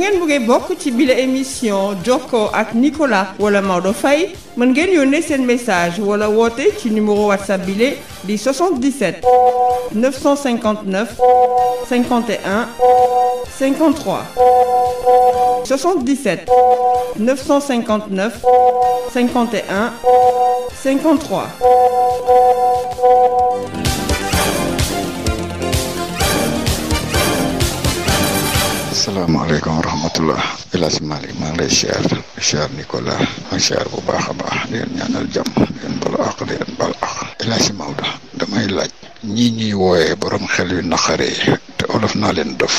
ngeen bëggee bokk ci bile émission jokkoo ak Nicolas wala Maodo fay mën ngeen yónnee seen message wala woote ci numéro whatsapp bile di 77 959 51 53 77 959 51 53 asalaamaaleykum wa rahmatullah El Hadj maa ngi lay siyaar siyaar Nicolas maa bu baax a baax di leen ñaanal jàmm di leen balu àq leen bal àq El Hadj damay laaj ñii ñuy wooyee borom xel yu naqaree te olof naa leen dof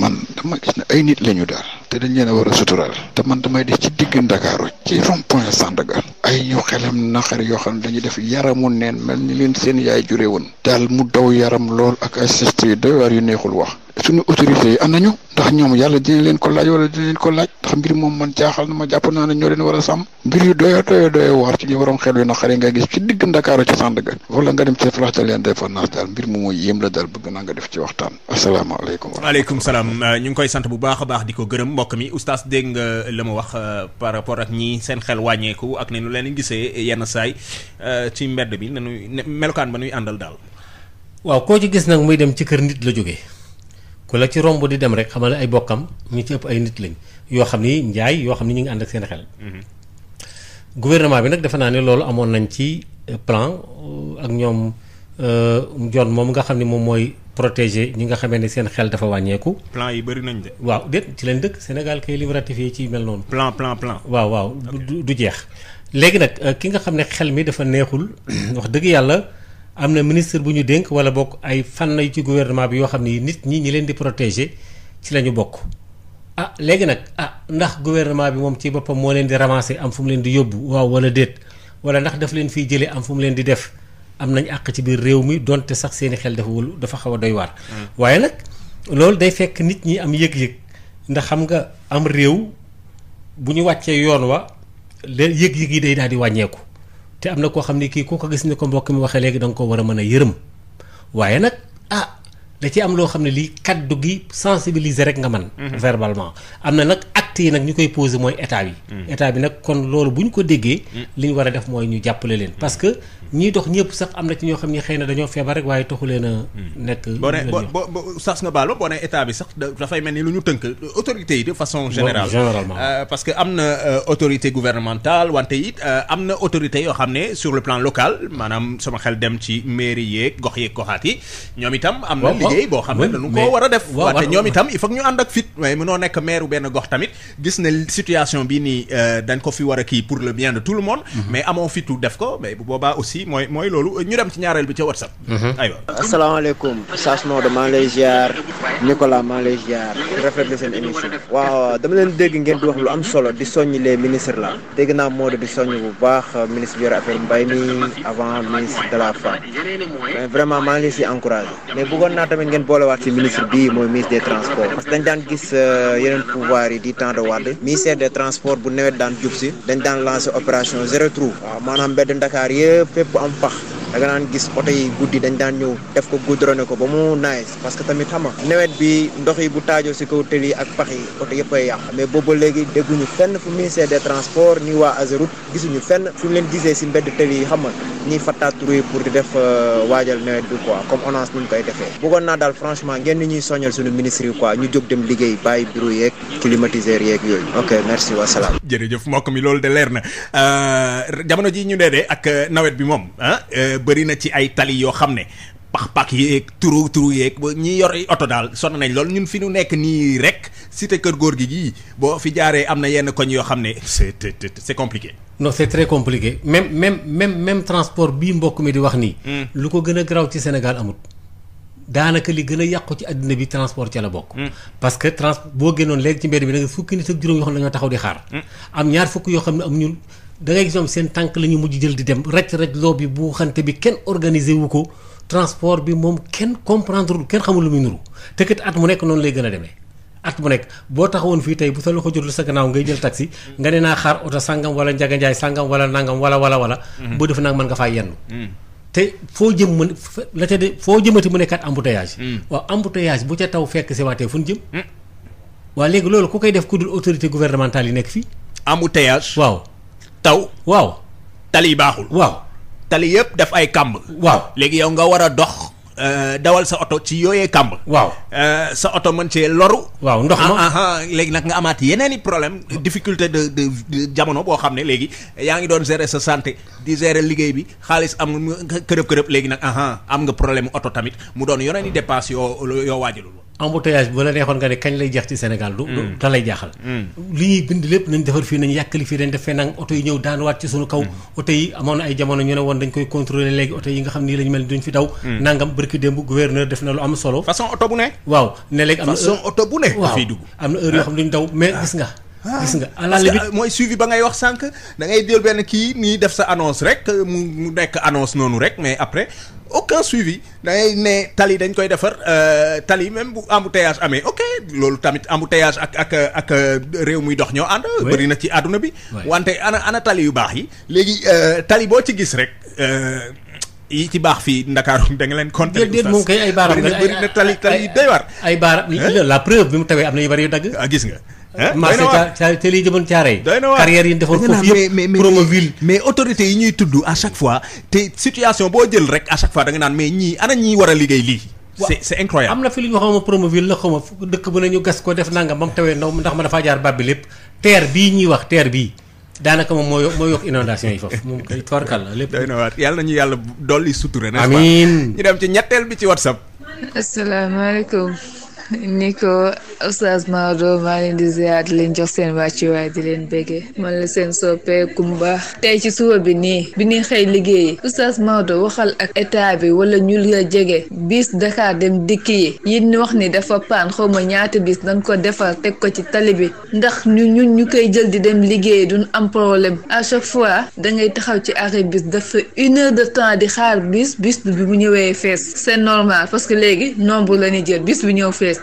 man dama gis ne ay nit la ñu daal te dañ leen a war a suturaal te man damay def ci digg Ndakaaru ci rond point Sandaga ay ñu xelam naqari yoo xam ne dañuy def yaramu neen mel ni leen seen yaay jure woon daal mu daw yaram lool ak ay sest yu neexul wax suñu autorités yi am nañu ndax ñoom yàlla dina leen ko laaj wala dina leen ko laaj ndax mbir moom man jaaxal na ma jàpp naa ne ñoo leen war a sàmm mbir yu doyo doyo doyo waar ci li waroon xel yu naqare gis ci digg Ndakaaru ci Sandaga wala nga de l'indépendance daal mbir mu mooy yéem la daal bëgg naa nga def ci waxtaan asalaamaaleykum waaleykum salaam ñu ngi koy sant bu baax a baax di gërëm mbokk mi oustaz dégg nga la ma wax euh, par rapport ak ñi seen xel wàññeeku ak ne nu leen gisee yenn saay euh, ci mbedd bi nanu melokaan ba nuy àndal daal waaw koo ci gis nag muy dem ci kër nit la jógee ku la ci romb di dem rek xamal ay bokkam ñu ci ëpp ay nit lañ yoo xam ni njaay yoo xam ni ñu ngi ànd ak seen xel. Mhm. gouvernement bi nag defe naa ne loolu amoon nañ ci euh, plan euh, ak ñoom euh, John moom nga xam ne moom mooy protéger ñi nga xamee ne seen xel dafa wàññeeku. plan yi bëri nañ waaw déet ci leen dëkk Sénégal kay li mu ci mel noonu. plan plan plan. waaw waaw du jeex. léegi nag ki nga xam ne xel mi dafa neexul wax dëgg yàlla. am na ministre bu ñu dénk wala bokk ay fànn yu ci gouvernement bi yoo xam ni nit ñi ñi leen di protéger ci lañu bokk ah léegi nag ah ndax gouvernement bi moom ci boppam moo leen di ramasser am fu mu leen di yóbbu waaw wala déet wala ndax daf leen fiy jëlee am fu mu leen di def am nañ àq ci biir réew mi donte sax seeni xel dafa wul dafa xaw a doy waar hmm. waaye nag loolu day fekk nit ñi am yëg-yëg ndax xam nga am réew bu ñu wàccee yoon wa le yëg-yëg yi day daal di wàññeeku te am na koo xam ne kii ku ko gis ni ko mbokk mi waxee léegi da ko war a mën a yërëm waaye nag ah da ci am loo xam ne lii kaddu gi sensibilisé rek nga man mhm. verbalement am na nag actes yi nag ñu koy posé mooy état bi. Mm. état bi nag kon loolu ñu ko déggee. Mm. li ñu war a mooy ñu jàppale leen. Mm. parce que ñiy dox ñëpp sax am na ci ñoo xam ne xëy na dañoo feebar rek waaye taxu leen a. nekk boo nee boo boo sas nga baal ma boo nee état sax dafay mel ni lu ñu tënk autorité yi de façon générale. généralement euh, parce que am na euh, autorité gouvernementale wante it euh, am na autorité yoo xam ne sur le plan local maanaam sama xel dem ci mair yeeg gox yeeg goxaat yi ñoom itam. am na liggéey boo xam ne dañu koo war a def. wante ñoom itam il faut ñu ànd ak fit waaye mënoo nekk maire benn gox tamit gis ne situation bi nii euh, dañ ko fi war a kii pour le bien de tout le monde. Mhm. mais amoo fi tout def ko mais aussi mooy loolu ñu dem ci ñaareel bi ca WhatsApp. Mhm. aywa asalaamaaleykum. Sass Maodo maa ngi lay ziar Nicolas maa ngi lay ziar rafetlu seen émission. waaw dama leen dégg ngeen di wax lu am solo di soññ les ministres la dégg naa Maodo di soññ bu baax euh, ministre bi affaire mbay mi avant ministre de la femme mais vraiment maa ngi leen si encouragé mais bëggoon naa tamit ngeen boolewaat si ministre ministre des transports temps de Wade ministère des transports bu nawet daan jub si dañ daan lancer opération zéro waaw maanaam mbedd ndakaar yëpp fépp am pax da nga daan gis oto yi guddi dañ daan ñëw def ko goudronné ko ba mu nice parce que tamit xama nawet bi ndox yi bu taajoo si kaw tëli ak pax yi oto yëpp ay yàqu mais booba léegi dégguñu fenn fu ministère des transports ni waa Ageroute gisuñu fenn fu ñu leen gisee si mbedd tëli yi xam nga ñuy fattaaturu yi pour di def euh, waajal nawet bi quoi comme onance ni koy defee bëggoon naa daal franchement ngeen ni ñuy soñal suñu ministre yi quoi ñu jóg dem liggéey bàyyi bureau yeeg climatiseur yeeg yooyu ok merci wasalaam jëf mbokk mi loolu de leer na euh, jamono ji ñu nee de ak euh, nawet bi moom ah bëri na ci ay tali yoo xam ne pax-pax yeeg turu turu yeeg ñi yor oto daal sonn nañ lool ñun fi nu nekk nii rek cité kër góor gi gii boo fi jaaree am na yenn koñ yoo xam ne c'est c'est compliqué. non c'est très compliqué même même même même transport bii mbokk mi di wax nii. Hmm. lu ko gën a garaaw ci Sénégal amut. daanaka li gën a yàqu ci àddina bi transport ca la bokk. Hmm. parce que trans boo génnoon léegi ci mbedd bi da nga fukki nit ak juróom yoo xam ne dañoo taxaw di xaar. Hmm. am ñaar fukk yoo xam ne amuñu da ngay gis ñoom seen tànk la ñu mujj jël di dem raj raj loo bi bi kenn organisé wu ko transport bi moom kenn comprendre kenn xamul lu muy nuru te at mu nekk noonu lay gën a demee. at mu nekk boo tax woon fii tey bu sa loxo jotul sa gannaaw ngay jël taxi. nga ne naa xaar oto sangam wala njaganjaay sangam wala nangam wala wala wala. Mm-hmm. boo def nag mën nga faa yenn. Mm. te foo jëm mën la ca de foo jëmati mu nekkaat embouteillage. Mm. waaw embouteillage bu ca taw fekk si waatee fu ñu jëm. Mm. waa loolu ku koy def ku dul autorité gouvernementale yi nekk fii. embouteillage waaw. taw. waaw tali baaxul. waaw tali yëpp def ay kàmb. waaw léegi yow nga war a dox. Uh, dawal sa oto ci yooyee kàmb. waaw uh, sa oto man cee loru. waaw ndox ma ah, ah, ah. léegi nag nga amaat yeneen i problème difficulté de de, jamono boo xam ne léegi yaa ngi doon gérer sa santé di gérer liggéey bi xaalis am kërëb kërëb léegi nag ah, ah, am nga problème oto tamit mu doon yeneen i dépense yoo yoo waajalul embouteillage bu la neexoon nga ne kañ lay jeex ci Sénégal du mm. lay jaaxal mm. li ñuy bind lépp nañ defar fii nañ yàkkali fii dañ def fee oto yi ñëw daanuwaat ci suñu kaw mm. oto yi amoon ay jamono ñu ne woon dañ koy contrôler léegi oto yi nga xam nii lañu mel duñ fi daw nangam bërki démb gouverneur def na lu am solo façon oto bu ne waaw ne léegi am na façon oto bu ne waaw am na heure yoo ah. xam ne duñ daw mais gis nga Ah. gis nga à euh, mooy suivi ba ngay wax sànq da ngay jël benn kii nii def sa annonce rek euh, mu nekk annonce noonu rek mais après aucun suivi da ne tali dañ koy defar euh, tali même bu embouteillage amee ok loolu tamit embouteillage ak ak ak réew muy dox ñoo ànd. bëri na ci àdduna bi. wante ana ana tali yu baax yi. léegi tali boo ci gis rek. yi ci baax fii Ndakaaru da leen compter. déedéet moom kay tali baaraam nga ay ay ay baaraam la preuve bi mu tawee am na yu bari yu dagg. Ah, gis nga. marché te liy jëmoon caare yi carrière yi defoon eh, foofu yëpp promoville mais autorité yi ñuy tudd à chaque fois te situation boo jël rek à chaque fois da naan mais ñii ana ñii war a liggéey lii c'est c'est incroyable am na fi li ñu xawma promoville la xawma dëkk bu nañu gas ko def nangam ba mu tawee ndaw ndax ma dafaa jaar bàbbi lépp terre bii ñuy wax terre bii daanaka moom moo moo yokk inondation yi foofu moom kay twarkal la lépp doy na waat yàlla nañu ñu dem ni ko Oustaz Maodo maa leen di ziar leen jox seen wàccuwaay di leen béggee man la seen soppee Kumba tey ci suba bi nii bi ñuy xëy liggéeyi Oustaz Maodo waxal ak état bi wala ñu la jege bis Dakar dem dikk yi yéen wax ni dafa paan xaw ma ñaata bis dañ ko defar teg ko ci tali bi ndax ñu ñu ñu koy jël di dem liggéeyi duñ am problème à chaque fois dangay taxaw ci arrêt bis dafa une heure de temps di xaar bis bis bi mu ñëwee fees seen norma parce que léegi nombre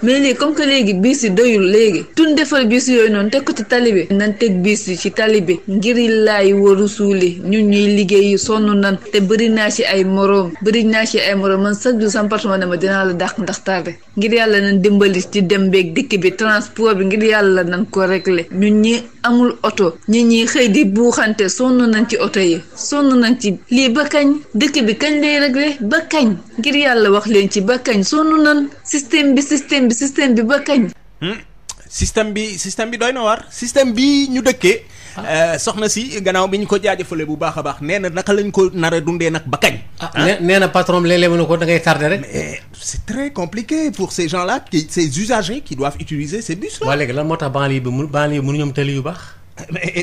mais léegi comme que léegi biis yi doyul léegi tun defal biis yooyu noonu teg ko ci tali bi nan teg biis yi ci tali bi ngir laay waru suuli ñun ñuy liggéey sonn nan te bëri naa ci ay moroom bëri naa ci ay moroom man chaque jour sama ne ma dinaa la dàq ndax tardé ngir yàlla nan dimbali ci dem beeg dikk bi transport bi ngir yàlla nan ko réglé ñun ñi amul oto ñu ñi xëy di buuxante sonn nañ ci oto yi sonn nañ ci lii ba kañ dëkk bi kañ lay réglé ba kañ yàlla wax leen ci ba système bi système bi ba kañ. Hmm? système bi système bi doy na war système bi ñu dëkkee. Uh, soxna si gannaaw bi ñu ko jaajëfale bu baax a baax nee na naka lañ ko nar a dundee nag ba kañ. ah nee na patron léeg-léeg mu ne ko da ngay tardé rek. mais c'est très compliqué pour ces gens-là qui ces usagers qui doivent utiliser ces bus là. waaw léegi lan moo tax banlieue bi mu banlieue mënu ñoom tali yu baax.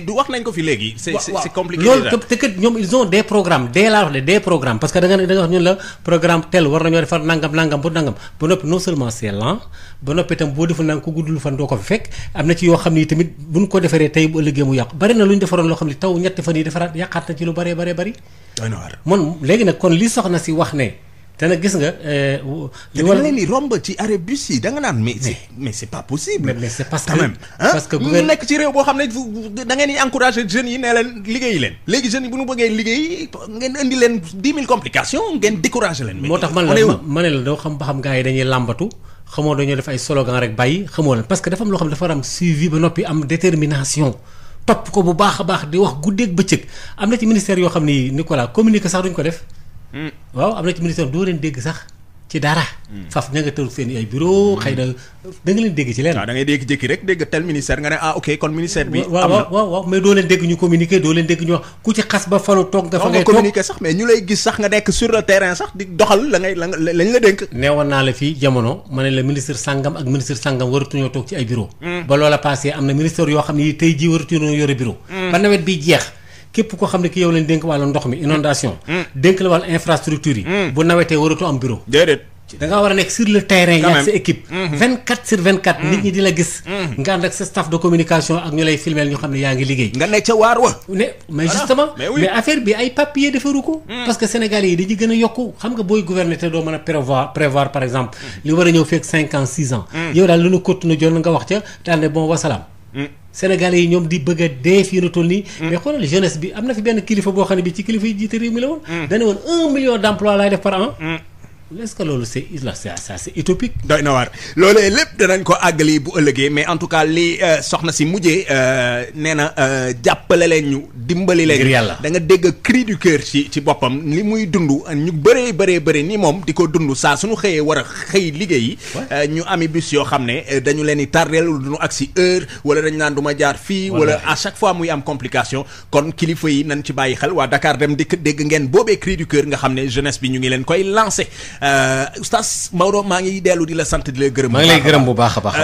du wax nañ ko fi léegi. c'est c'est compliqué loolu te te ñoom ils ont des programmes dès laa wax de des programmes parce que da nga ne da wax ñun la programme tel war nañoo defar nangam nangam bu nangam ba noppi non seulement lent ba noppi itam boo deful nangam ku guddul fan doo ko fi fekk am na ci yoo xam ni tamit bu ñu ko defaree tey bu ëllëgee mu yàqu bari na lu ñu defaroon loo xam ni taw ñetti fan yi defaraat yàqaat na ci lu baree baree bari. doy na si wax ne. te na gis nga. Eh, li war leen di romb ci arrêt bus yi da naan mais mais c'est pas possible. mais c'est parce que quand même parce que ñu nekk ci réew boo xam ne da ngeen di encourager jeunes yi nee leen liggéeyi leen. léegi jeunes yi bu ñu bëggee liggéey ngeen indi leen dix mille complications ngeen décourager leen. moo tax man la ma ne la doo xam ba xam gars yi dañuy làmbatu. xamoo dañoo def ay slogan rek bàyyi xamoo leen parce que dafa am loo xam ne dafa war am suivi ba noppi am détermination. topp ko bu baax a baax am na ci ministère yoo xam ni Nicolas communiqué sax duñ ko def Hmm. waaw am na ci ministère doo leen dégg sax ci dara. Hmm. faf ña nga tëru seen ay bureau hmm. xëy na da nga leen dégg ci leen. waaw ah, da dégg jékki rek dégg tel ministère nga ne ah ok kon ministère bi. na waaw waaw waaw mais doo leen dégg ñu communiquer doo leen dégg ñu ku ci xas ba falu toog. nga fa ngay toog sax mais ñu lay gis sax nga nekk sur le terrain sax di doxal la ngay la lañ la dénk. neewoon naa la fi jamono ma ne la ministre sangam ak ministre sangam waratuñoo toog ci ay bureau ba loola passé am na ministère yoo xam ne tey jii waratuñoo yore bureau. ba nawet bi jeex képp koo xam ne ki yow leen dénk wàllu ndox mi inondation mm. Mm. dénk la wàllu infrastructure yi mm. bu nawetee waratu am bureau déedéet war a nekk sur le terrain yaa sa équipe mm-hmm. vingt quatre sur vingt quatre nit ñi di la gis nga ànd ak staff de communication ak ñu lay filmeel ñu xam ne yaa ngi liggéey nga ne ca waar wa ne mais justement mais affaire bi ay papier defaru ko parce que sénégalais yi dañuy gën a yokku xam nga booy gouverner te doo mën a prévoir prévoir par exemple li war sénégal yi ñoom di bëgg a dee fii nu toll nii. Hmm. mais xoolal jeunesse bi am na fi benn kilifa boo xam ne bi ci kilifa yi jiite réew mi la woon. Hmm. dañu woon un million d' def par an. Hmm. est-ce que loolu c'est ça c'est utopique doy na waar loolee lépp danañ ko àggali bu ëllëgee mais en tout cas li euh, soxna si mujjee euh, nee na euh, jàppale leen ñu dimbali leen yàlla da nga dégg cri du ci ci boppam li muy dund ñu bëree bëree bëri ni moom di ko dund saa suñu xëyee war a xëy liggéeyi ñu ami bus yoo xam ne dañu leen di tardeel du ñu agsi heure wala dañu naan du ma jaar fii wala à chaque fois muy am complication kon kilifa yi nañ ci bàyyi xel waa Dakar dem dégg ngeen boobee cri du cœur nga xam ne jeunesse bi ñu ngi leen koy lancé Euh, oustaz Maodo maa ngi dellu di la sant di la gërëm. maa ngi lay gërëm bu baax a baax.